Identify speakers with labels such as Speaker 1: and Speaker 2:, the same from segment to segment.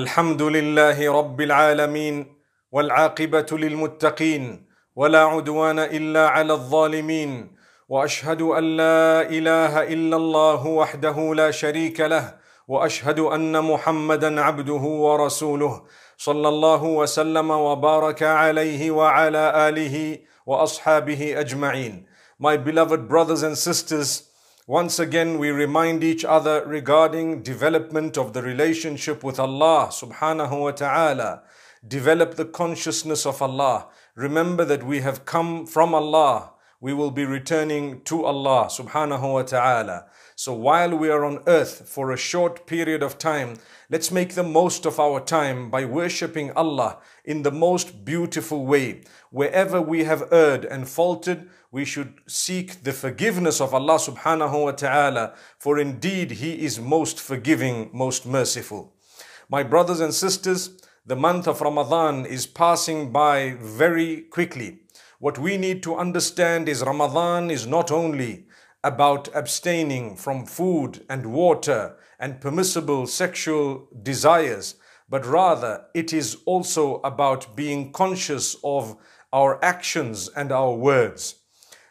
Speaker 1: الحمد لله رب العالمين والعاقبة للمتقين ولا عدوان إلا على الظالمين وأشهد أن لا إله إلا الله وحده لا شريك له واشهد ان محمدا عبده ورسوله صلى الله وسلم وبارك عليه وعلى اله واصحابه اجمعين My beloved brothers and sisters, Once again, we remind each other regarding development of the relationship with Allah subhanahu wa ta'ala. Develop the consciousness of Allah. Remember that we have come from Allah. We will be returning to Allah subhanahu wa ta'ala. So while we are on earth for a short period of time, let's make the most of our time by worshipping Allah in the most beautiful way. Wherever we have erred and faltered, we should seek the forgiveness of Allah subhanahu wa ta'ala, for indeed He is most forgiving, most merciful. My brothers and sisters, the month of Ramadan is passing by very quickly. What we need to understand is Ramadan is not only about abstaining from food and water and permissible sexual desires, but rather it is also about being conscious of our actions and our words.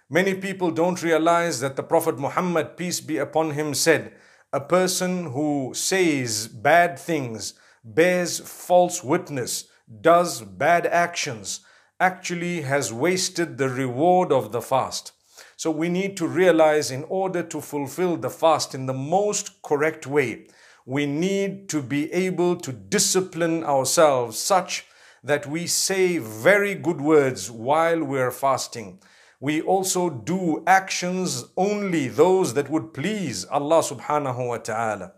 Speaker 1: Many people don't realize that the Prophet Muhammad, peace be upon him, said, A person who says bad things, bears false witness, does bad actions, actually has wasted the reward of the fast. So we need to realize in order to fulfill the fast in the most correct way, we need to be able to discipline ourselves such that we say very good words while we're fasting we also do actions only those that would please Allah subhanahu wa ta'ala.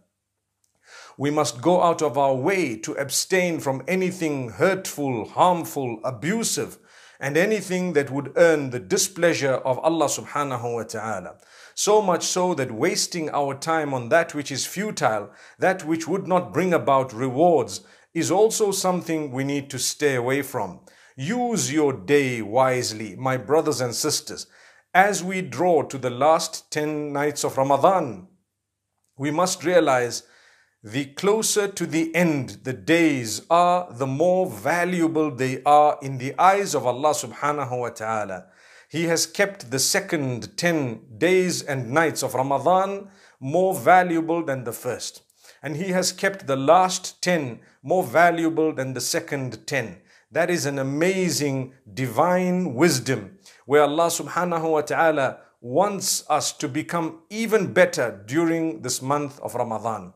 Speaker 1: We must go out of our way to abstain from anything hurtful, harmful, abusive, and anything that would earn the displeasure of Allah subhanahu wa ta'ala. So much so that wasting our time on that which is futile, that which would not bring about rewards, is also something we need to stay away from. Use your day wisely, my brothers and sisters. As we draw to the last 10 nights of Ramadan, we must realize the closer to the end the days are, the more valuable they are in the eyes of Allah subhanahu wa ta'ala. He has kept the second 10 days and nights of Ramadan more valuable than the first. And He has kept the last 10 more valuable than the second 10. That is an amazing divine wisdom where Allah subhanahu wa ta'ala wants us to become even better during this month of Ramadan.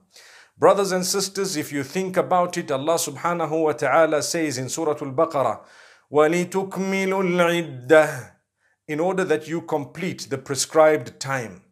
Speaker 1: Brothers and sisters, if you think about it, Allah subhanahu wa ta'ala says in Surah Al-Baqarah, وَلِتُكْمِلُوا In order that you complete the prescribed time.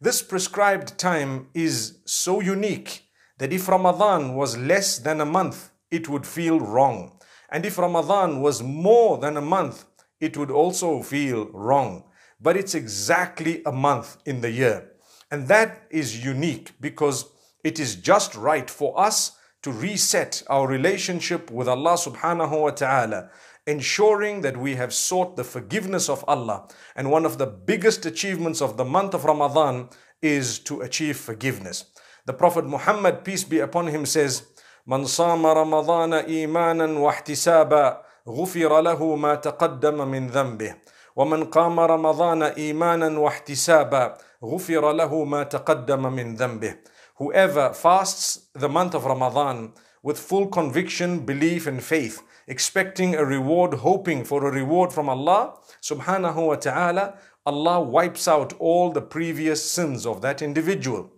Speaker 1: This prescribed time is so unique that if Ramadan was less than a month, it would feel wrong. And if Ramadan was more than a month, it would also feel wrong. But it's exactly a month in the year. And that is unique because it is just right for us to reset our relationship with Allah subhanahu wa ta'ala, ensuring that we have sought the forgiveness of Allah. And one of the biggest achievements of the month of Ramadan is to achieve forgiveness. The Prophet Muhammad, peace be upon him, says, من صام رمضان ايمانا واحتسابا غفر له ما تقدم من ذنبه ومن قام رمضان ايمانا واحتسابا غفر له ما تقدم من ذنبه whoever fasts the month of Ramadan with full conviction belief and faith expecting a reward hoping for a reward from Allah subhanahu wa ta'ala Allah wipes out all the previous sins of that individual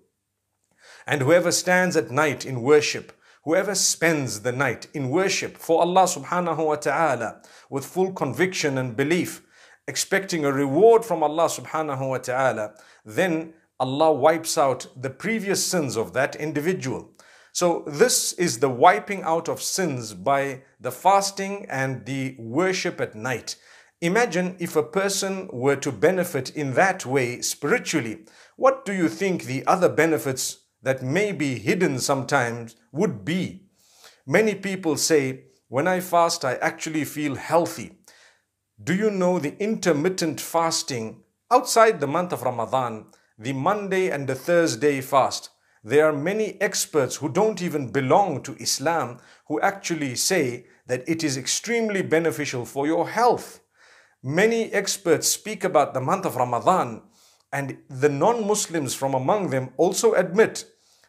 Speaker 1: and whoever stands at night in worship Whoever spends the night in worship for Allah subhanahu wa ta'ala with full conviction and belief, expecting a reward from Allah subhanahu wa ta'ala, then Allah wipes out the previous sins of that individual. So this is the wiping out of sins by the fasting and the worship at night. Imagine if a person were to benefit in that way spiritually. What do you think the other benefits that may be hidden sometimes would be. Many people say, when I fast, I actually feel healthy. Do you know the intermittent fasting outside the month of Ramadan, the Monday and the Thursday fast? There are many experts who don't even belong to Islam who actually say that it is extremely beneficial for your health. Many experts speak about the month of Ramadan, and the non Muslims from among them also admit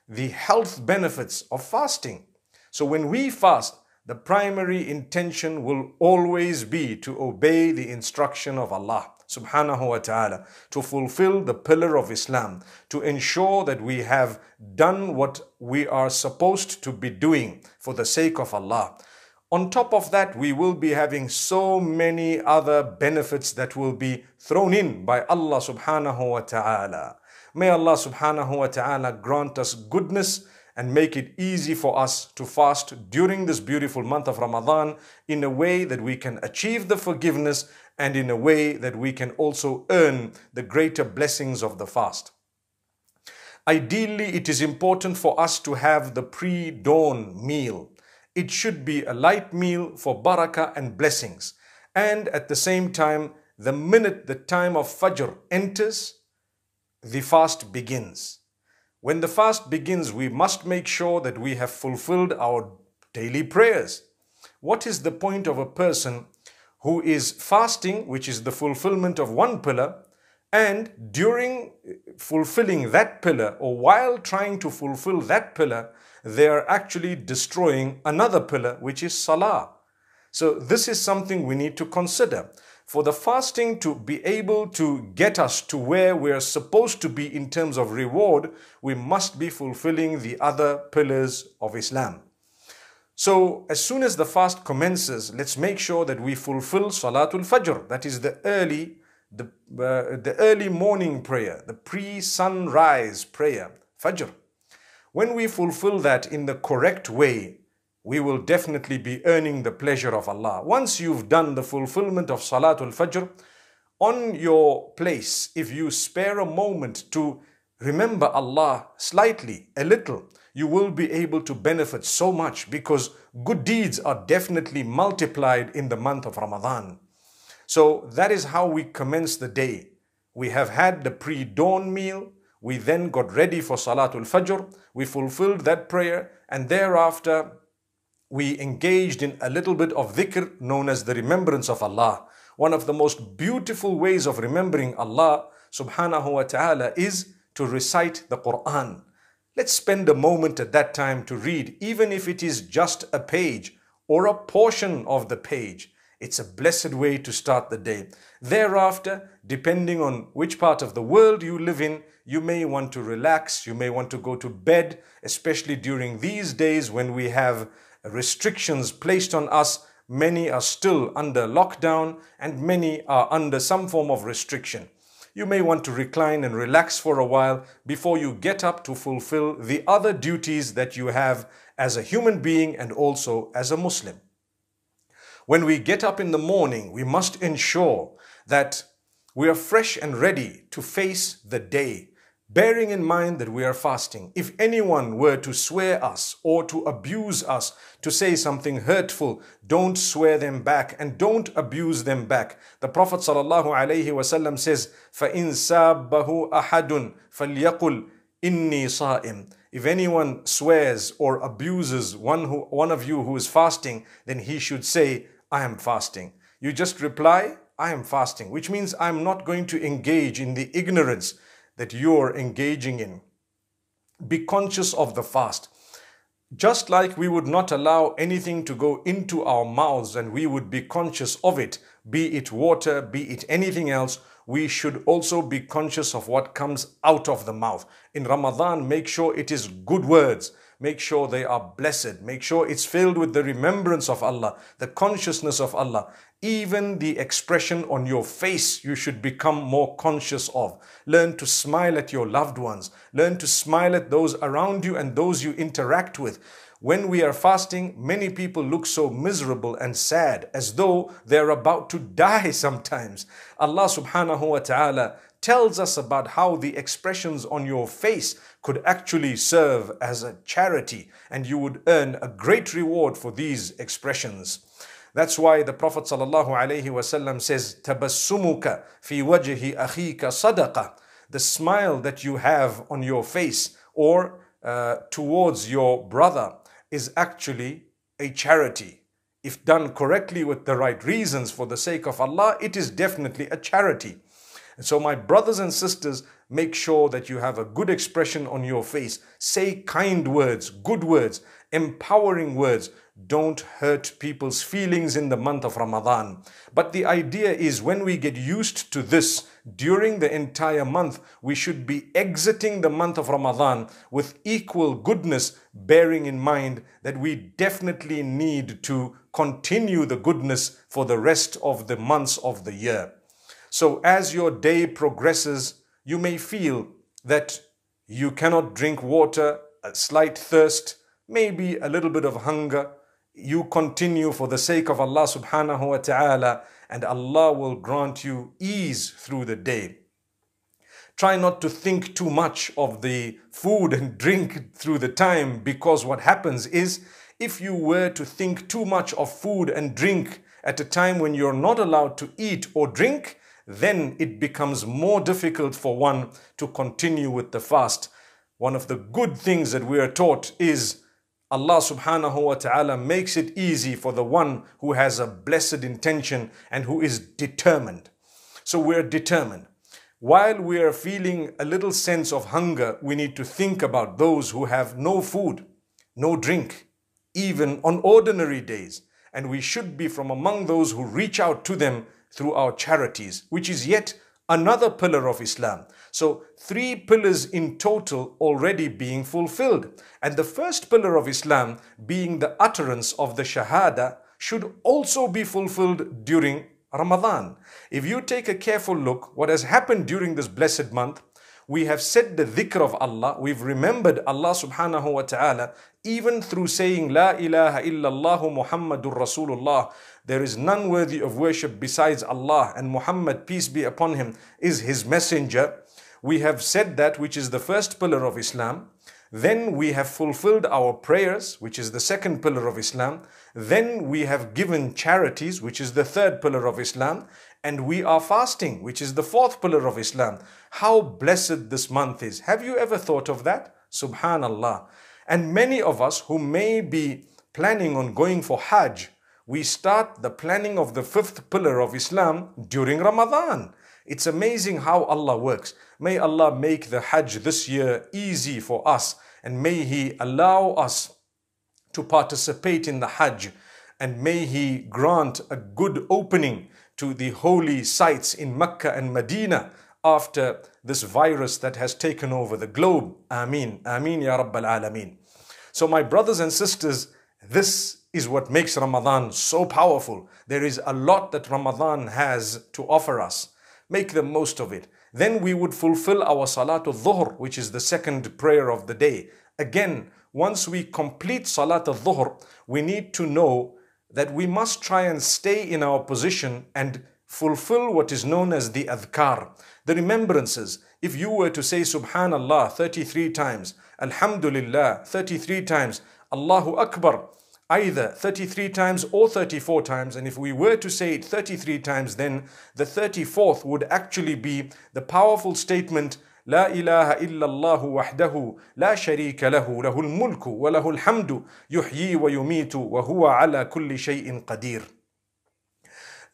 Speaker 1: the health benefits of fasting. So when we fast, the primary intention will always be to obey the instruction of Allah subhanahu wa ta'ala to fulfill the pillar of Islam, to ensure that we have done what we are supposed to be doing for the sake of Allah. On top of that, we will be having so many other benefits that will be thrown in by Allah subhanahu wa ta'ala. May Allah subhanahu wa ta'ala grant us goodness and make it easy for us to fast during this beautiful month of Ramadan in a way that we can achieve the forgiveness and in a way that we can also earn the greater blessings of the fast. Ideally, it is important for us to have the pre dawn meal. It should be a light meal for barakah and blessings. And at the same time, the minute the time of Fajr enters, the fast begins. When the fast begins, we must make sure that we have fulfilled our daily prayers. What is the point of a person who is fasting, which is the fulfillment of one pillar, and during eh, fulfilling that pillar or while trying to fulfill that pillar, they are actually destroying another pillar, which is salah. So this is something we need to consider for the fasting to be able to get us to where we're supposed to be in terms of reward, we must be fulfilling the other pillars of Islam. So as soon as the fast commences, let's make sure that we fulfill Salatul Fajr, that is the early, the, uh, the early morning prayer, the pre-sunrise prayer, Fajr. When we fulfill that in the correct way, we will definitely be earning the pleasure of Allah. Once you've done the fulfillment of Salatul Fajr, on your place, if you spare a moment to remember Allah slightly, a little, you will be able to benefit so much because good deeds are definitely multiplied in the month of Ramadan. So that is how we commence the day. We have had the pre-dawn meal, we then got ready for Salatul Fajr, we fulfilled that prayer, and thereafter we engaged in a little bit of dhikr known as the remembrance of Allah. One of the most beautiful ways of remembering Allah subhanahu wa ta'ala is to recite the Quran. Let's spend a moment at that time to read, even if it is just a page or a portion of the page. It's a blessed way to start the day. Thereafter, depending on which part of the world you live in, you may want to relax, you may want to go to bed, especially during these days when we have restrictions placed on us, many are still under lockdown and many are under some form of restriction. You may want to recline and relax for a while before you get up to fulfill the other duties that you have as a human being and also as a Muslim. When we get up in the morning, we must ensure that we are fresh and ready to face the day bearing in mind that we are fasting, if anyone were to swear us or to abuse us, to say something hurtful, don't swear them back and don't abuse them back. The Prophet ﷺ says, فَإِن سَابَّهُ أَحَدٌ فَلْيَقُلْ إِنِّي صَائِمٌ if anyone swears or abuses one, who, one of you who is fasting, then he should say, I am fasting. You just reply, I am fasting, which means I'm not going to engage in the ignorance that you're engaging in. Be conscious of the fast. Just like we would not allow anything to go into our mouths and we would be conscious of it, be it water, be it anything else, we should also be conscious of what comes out of the mouth. In Ramadan, make sure it is good words. Make sure they are blessed. Make sure it's filled with the remembrance of Allah, the consciousness of Allah. Even the expression on your face you should become more conscious of. Learn to smile at your loved ones. Learn to smile at those around you and those you interact with. When we are fasting, many people look so miserable and sad as though they're about to die sometimes. Allah subhanahu wa ta'ala tells us about how the expressions on your face could actually serve as a charity and you would earn a great reward for these expressions. That's why the Prophet ﷺ says, Tabassumuka fi wajhi akhika sadaqah. The smile that you have on your face or uh, towards your brother is actually a charity. If done correctly with the right reasons for the sake of Allah, it is definitely a charity. And so, my brothers and sisters, make sure that you have a good expression on your face. Say kind words, good words, empowering words, don't hurt people's feelings in the month of Ramadan. But the idea is when we get used to this during the entire month, we should be exiting the month of Ramadan with equal goodness, bearing in mind that we definitely need to continue the goodness for the rest of the months of the year. So as your day progresses, you may feel that you cannot drink water, a slight thirst, maybe a little bit of hunger, you continue for the sake of Allah subhanahu wa ta'ala and Allah will grant you ease through the day. Try not to think too much of the food and drink through the time because what happens is if you were to think too much of food and drink at a time when you're not allowed to eat or drink, then it becomes more difficult for one to continue with the fast. One of the good things that we are taught is Allah subhanahu wa ta'ala makes it easy for the one who has a blessed intention and who is determined. So we're determined. While we are feeling a little sense of hunger, we need to think about those who have no food, no drink, even on ordinary days. And we should be from among those who reach out to them through our charities, which is yet another pillar of Islam. So, three pillars in total already being fulfilled. And the first pillar of Islam, being the utterance of the Shahada, should also be fulfilled during Ramadan. If you take a careful look, what has happened during this blessed month, we have said the dhikr of Allah, we've remembered Allah subhanahu wa ta'ala, even through saying La ilaha illallah Muhammadur Rasulullah. There is none worthy of worship besides Allah and Muhammad, peace be upon him, is his messenger. We have said that which is the first pillar of Islam. Then we have fulfilled our prayers, which is the second pillar of Islam. Then we have given charities, which is the third pillar of Islam. And we are fasting, which is the fourth pillar of Islam. How blessed this month is. Have you ever thought of that? Subhanallah. And many of us who may be planning on going for Hajj, we start the planning of the fifth pillar of Islam during Ramadan. It's amazing how Allah works. May Allah make the Hajj this year easy for us and may He allow us to participate in the Hajj and may He grant a good opening to the holy sites in Mecca and Medina after this virus that has taken over the globe. Ameen. Ameen Ya Rabbal Alameen. So my brothers and sisters, this is what makes Ramadan so powerful. There is a lot that Ramadan has to offer us. Make the most of it. Then we would fulfill our Salatul Dhuhr, which is the second prayer of the day. Again, once we complete Salatul Dhuhr, we need to know that we must try and stay in our position and fulfill what is known as the adhkar, the remembrances. If you were to say Subhanallah 33 times, Alhamdulillah 33 times, Allahu Akbar either 33 times or 34 times. And if we were to say it 33 times, then the 34th would actually be the powerful statement لا إله إلا الله وحده لا شريك له له الملك وله الحمد يحيي ويميت وهو على كل شيء قدير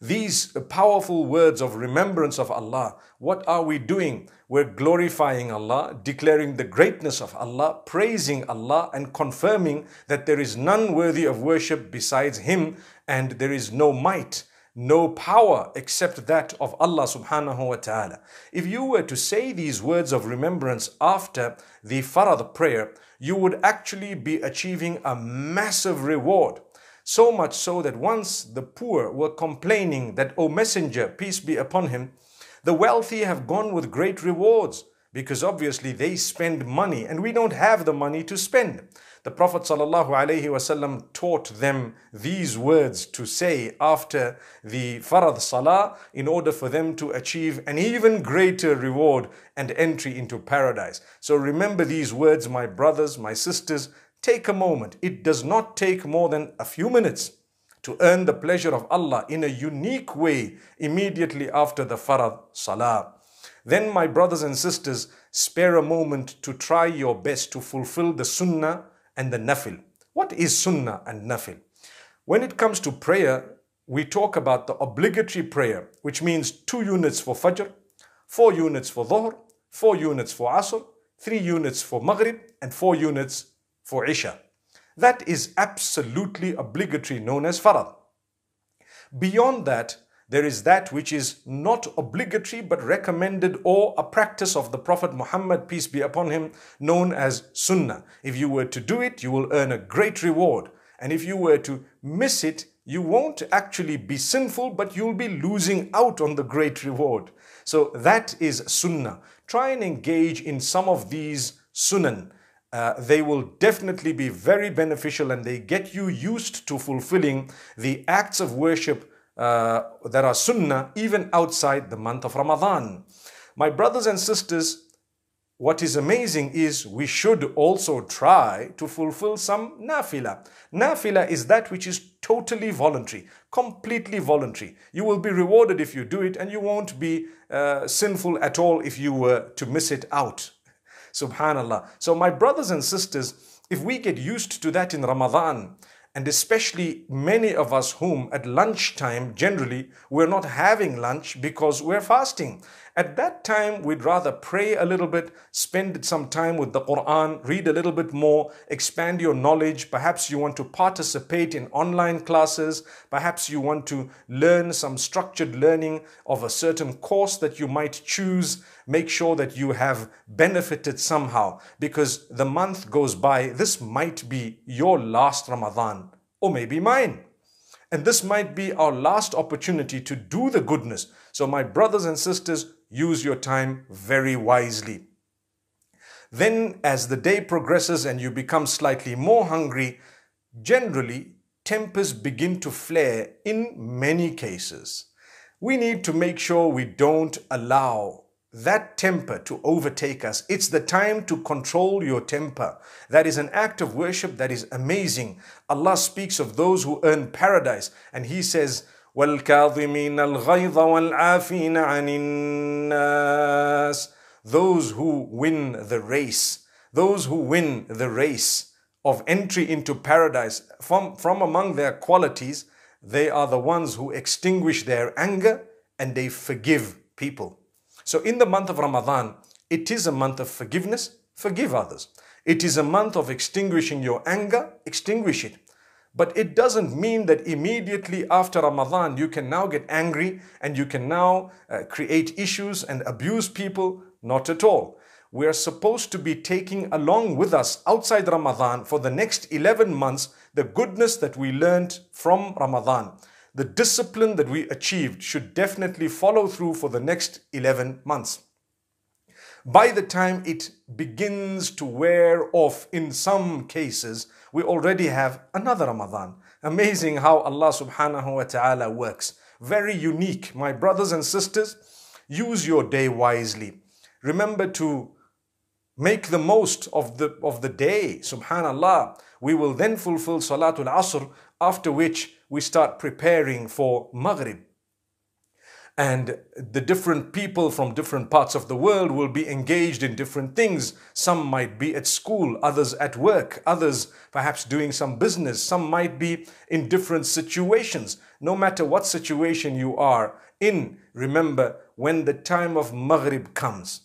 Speaker 1: these powerful words of remembrance of Allah, what are we doing? We're glorifying Allah, declaring the greatness of Allah, praising Allah and confirming that there is none worthy of worship besides Him and there is no might no power except that of Allah subhanahu wa ta'ala. If you were to say these words of remembrance after the farad prayer, you would actually be achieving a massive reward so much so that once the poor were complaining that, O Messenger, peace be upon him, the wealthy have gone with great rewards because obviously they spend money and we don't have the money to spend. The Prophet ﷺ taught them these words to say after the Farad Salah in order for them to achieve an even greater reward and entry into paradise. So remember these words, my brothers, my sisters, Take a moment. It does not take more than a few minutes to earn the pleasure of Allah in a unique way immediately after the farad salah. Then my brothers and sisters, spare a moment to try your best to fulfill the sunnah and the nafil. What is sunnah and nafil? When it comes to prayer, we talk about the obligatory prayer, which means two units for fajr, four units for dhuhr, four units for asr, three units for maghrib, and four units for Isha. That is absolutely obligatory, known as farad. Beyond that, there is that which is not obligatory but recommended or a practice of the Prophet Muhammad, peace be upon him, known as sunnah. If you were to do it, you will earn a great reward. And if you were to miss it, you won't actually be sinful, but you'll be losing out on the great reward. So that is sunnah. Try and engage in some of these sunan. Uh, they will definitely be very beneficial and they get you used to fulfilling the acts of worship uh, that are sunnah even outside the month of Ramadan. My brothers and sisters, what is amazing is we should also try to fulfill some nafila. Nafila is that which is totally voluntary, completely voluntary. You will be rewarded if you do it, and you won't be uh, sinful at all if you were to miss it out. Subhanallah. So, my brothers and sisters, if we get used to that in Ramadan, and especially many of us whom at lunchtime generally we're not having lunch because we're fasting at that time, we'd rather pray a little bit, spend some time with the Quran, read a little bit more, expand your knowledge. Perhaps you want to participate in online classes. Perhaps you want to learn some structured learning of a certain course that you might choose. Make sure that you have benefited somehow because the month goes by. This might be your last Ramadan or maybe mine. And this might be our last opportunity to do the goodness. So, my brothers and sisters, use your time very wisely. Then, as the day progresses and you become slightly more hungry, generally tempers begin to flare in many cases. We need to make sure we don't allow that temper to overtake us. It's the time to control your temper. That is an act of worship that is amazing. Allah speaks of those who earn paradise and He says, والكاظمين الغيظ والعافين عن الناس those who win the race those who win the race of entry into paradise from, from among their qualities they are the ones who extinguish their anger and they forgive people so in the month of ramadan it is a month of forgiveness forgive others it is a month of extinguishing your anger extinguish it but it doesn't mean that immediately after Ramadan you can now get angry and you can now uh, create issues and abuse people. Not at all. We are supposed to be taking along with us outside Ramadan for the next 11 months the goodness that we learned from Ramadan. The discipline that we achieved should definitely follow through for the next 11 months. By the time it begins to wear off, in some cases, we already have another Ramadan. Amazing how Allah subhanahu wa ta'ala works. Very unique. My brothers and sisters, use your day wisely. Remember to make the most of the, of the day. Subhanallah. We will then fulfill Salatul Asr, after which we start preparing for Maghrib and the different people from different parts of the world will be engaged in different things. Some might be at school, others at work, others perhaps doing some business, some might be in different situations. No matter what situation you are in, remember when the time of Maghrib comes.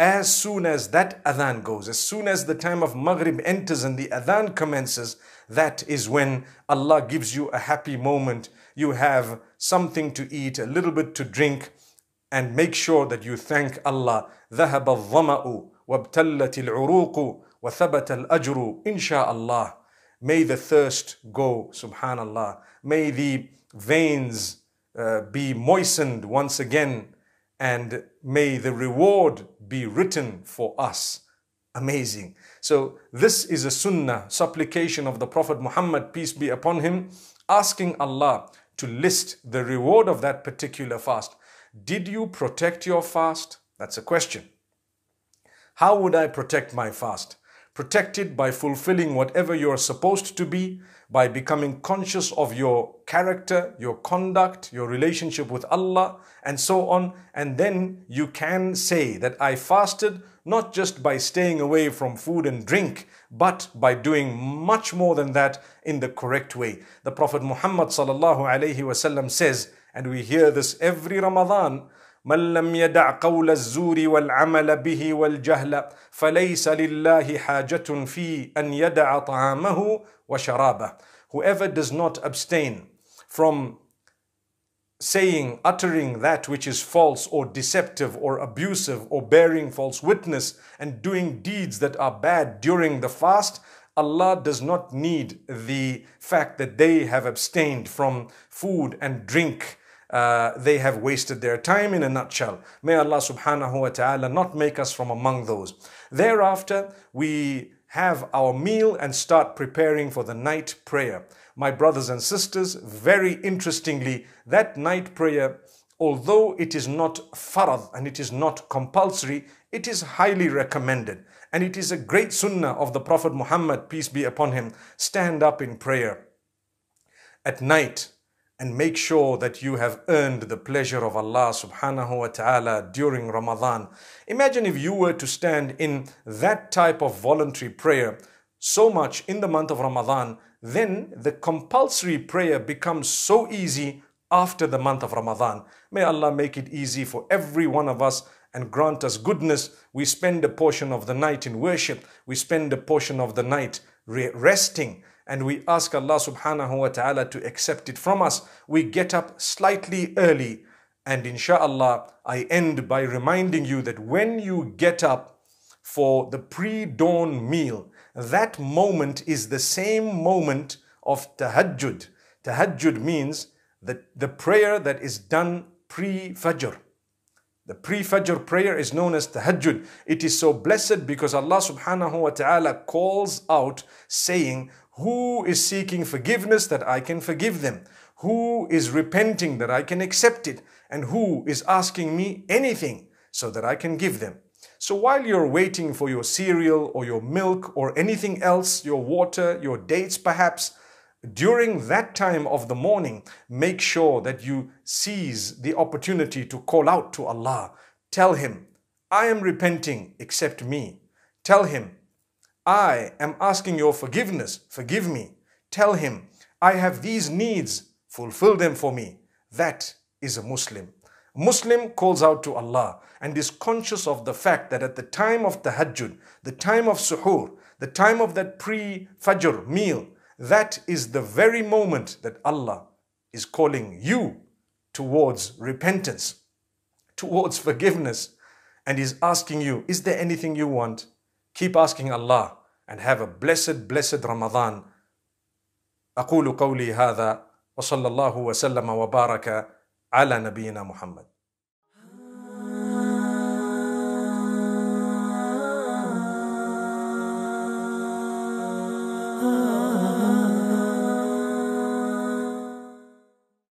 Speaker 1: As soon as that adhan goes, as soon as the time of Maghrib enters and the adhan commences, that is when Allah gives you a happy moment you have something to eat, a little bit to drink, and make sure that you thank Allah. ذهب الظمأ وابتلت العروق وثبت الأجر إن شاء الله. May the thirst go, subhanallah. May the veins uh, be moistened once again and may the reward be written for us. Amazing. So this is a sunnah, supplication of the Prophet Muhammad, peace be upon him, asking Allah to list the reward of that particular fast. Did you protect your fast? That's a question. How would I protect my fast? Protect it by fulfilling whatever you are supposed to be, by becoming conscious of your character, your conduct, your relationship with Allah, and so on. And then you can say that I fasted not just by staying away from food and drink, but by doing much more than that in the correct way. The Prophet Muhammad says, and we hear this every Ramadan, من لم يدع قول الزور والعمل به والجهل فليس لله حاجة في أن يدع طعامه وشرابه Whoever does not abstain from saying, uttering that which is false or deceptive or abusive or bearing false witness and doing deeds that are bad during the fast, Allah does not need the fact that they have abstained from food and drink. Uh, they have wasted their time in a nutshell. May Allah subhanahu wa ta'ala not make us from among those. Thereafter, we have our meal and start preparing for the night prayer. My brothers and sisters, very interestingly, that night prayer, although it is not farad and it is not compulsory, it is highly recommended. And it is a great sunnah of the Prophet Muhammad, peace be upon him, stand up in prayer at night and make sure that you have earned the pleasure of Allah subhanahu wa ta'ala during Ramadan. Imagine if you were to stand in that type of voluntary prayer so much in the month of Ramadan then the compulsory prayer becomes so easy after the month of Ramadan. May Allah make it easy for every one of us and grant us goodness. We spend a portion of the night in worship. We spend a portion of the night resting and we ask Allah subhanahu wa ta'ala to accept it from us. We get up slightly early and insha'Allah, I end by reminding you that when you get up for the pre-dawn meal, that moment is the same moment of tahajjud. Tahajjud means the, the prayer that is done pre-fajr. The pre-fajr prayer is known as tahajjud. It is so blessed because Allah subhanahu wa ta'ala calls out saying, who is seeking forgiveness that I can forgive them? Who is repenting that I can accept it? And who is asking me anything so that I can give them? So while you're waiting for your cereal or your milk or anything else, your water, your dates perhaps, during that time of the morning, make sure that you seize the opportunity to call out to Allah. Tell Him, I am repenting except me. Tell Him, I am asking your forgiveness, forgive me. Tell Him, I have these needs, fulfill them for me. That is a Muslim. Muslim calls out to Allah and is conscious of the fact that at the time of tahajjud, the time of suhoor, the time of that pre-fajr meal, that is the very moment that Allah is calling you towards repentance, towards forgiveness, and is asking you, is there anything you want? Keep asking Allah and have a blessed, blessed Ramadan. أقول قولي هذا وصلى الله وسلم وبارك على نبينا محمد